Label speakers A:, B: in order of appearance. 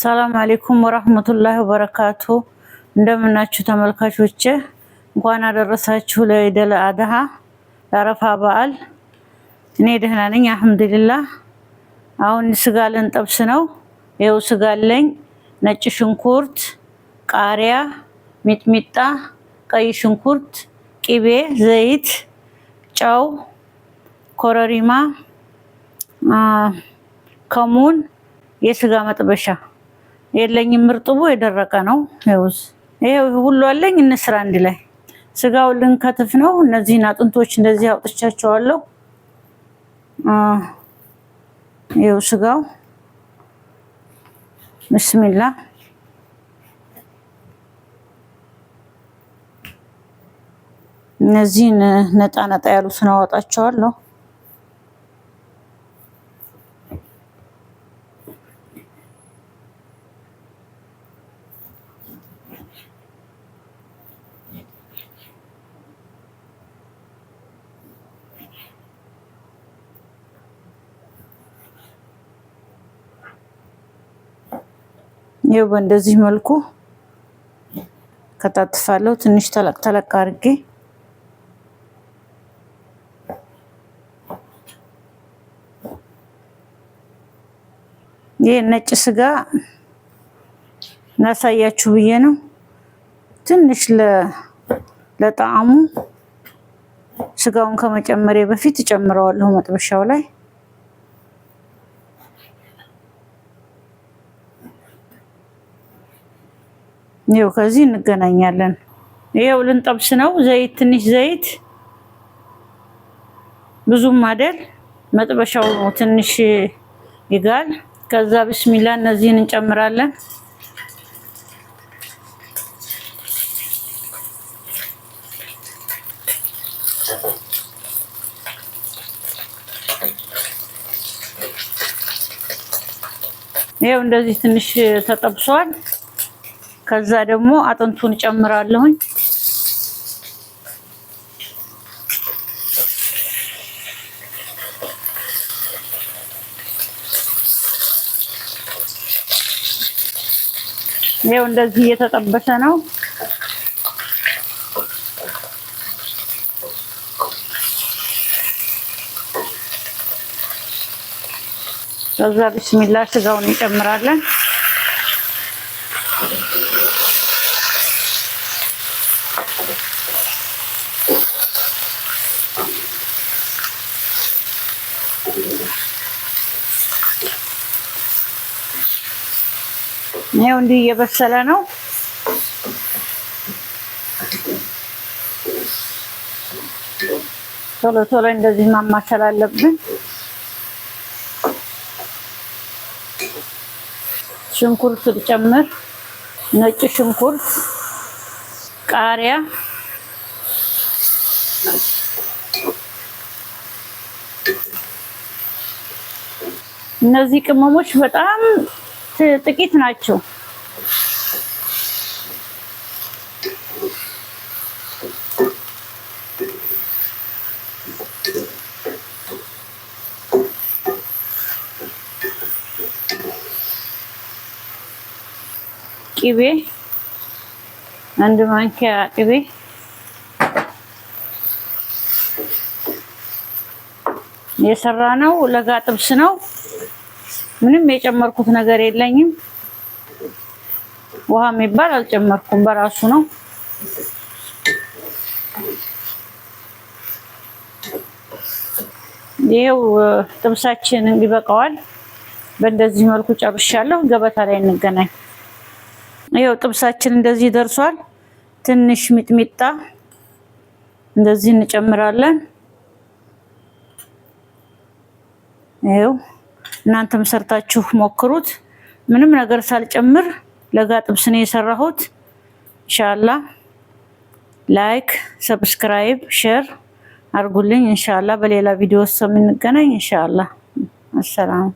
A: ሰላም አሌይኩም ወራህመቱላሂ ወበረካቱ። እንደምናችሁ ተመልካቾቼ፣ እንኳን አደረሳችሁ ለኢደል አድሃ ለአረፋ በዓል። እኔ ደህና ነኝ አልሐምዱሊላህ። አሁን ስጋ ልንጠብስ ነው። ይኸው ስጋ አለኝ፣ ነጭ ሽንኩርት፣ ቃሪያ፣ ሚጥሚጣ፣ ቀይ ሽንኩርት፣ ቂቤ፣ ዘይት፣ ጨው፣ ኮረሪማ፣ ከሙን የስጋ መጥበሻ የለኝም። እርጥቡ የደረቀ ነው። ይኸውስ ይሄ ሁሉ አለኝ። እንስራ አንድ ላይ ስጋው ልንከትፍ ነው። እነዚህን አጥንቶች እንደዚህ አውጥቻቸዋለሁ። ይኸው ስጋው ብስሚላ እነዚህን ነጣ ነጣ ያሉትን አወጣቸዋለሁ። ይኸው በእንደዚህ መልኩ ከታትፋለሁ። ትንሽ ተለቅ ተለቅ አድርጌ ይህ ነጭ ስጋ እናሳያችሁ ብዬ ነው። ትንሽ ለጣዕሙ ስጋውን ከመጨመሪያ በፊት እጨምረዋለሁ መጥበሻው ላይ ይኸው ከዚህ እንገናኛለን። ይኸው ልንጠብስ ነው። ዘይት ትንሽ ዘይት ብዙም አይደል፣ መጥበሻው ትንሽ ይጋል። ከዛ ብስሚላ እነዚህን እንጨምራለን። ይኸው እንደዚህ ትንሽ ተጠብሷል። ከዛ ደግሞ አጥንቱን ጨምራለሁኝ። ይሄው እንደዚህ እየተጠበሰ ነው። ከዛ ቢስሚላህ ስጋውን እንጨምራለን። ይኸው እንዲህ እየበሰለ ነው። ቶሎ ቶሎ እንደዚህ ማማሰል አለብን። ሽንኩርት ልጨምር፣ ነጭ ሽንኩርት ቃሪያ እነዚህ ቅመሞች በጣም ጥቂት ናቸው። ቅቤ አንድ ማንኪያ ቅቤ የሰራ ነው። ለጋ ጥብስ ነው። ምንም የጨመርኩት ነገር የለኝም። ውሃ የሚባል አልጨመርኩም፣ በራሱ ነው። ይሄው ጥብሳችን ይበቃዋል። በእንደዚህ መልኩ ጨርሻለሁ። ገበታ ላይ እንገናኝ። ይሄው ጥብሳችን እንደዚህ ደርሷል። ትንሽ ሚጥሚጣ እንደዚህ እንጨምራለን። ይኸው እናንተም ሰርታችሁ ሞክሩት። ምንም ነገር ሳልጨምር ለጋ ጥብስ ነው የሰራሁት። ኢንሻአላ ላይክ፣ ሰብስክራይብ፣ ሼር አድርጉልኝ። ኢንሻአላ በሌላ ቪዲዮ ውስጥ የምንገናኝ ኢንሻአላ። አሰላም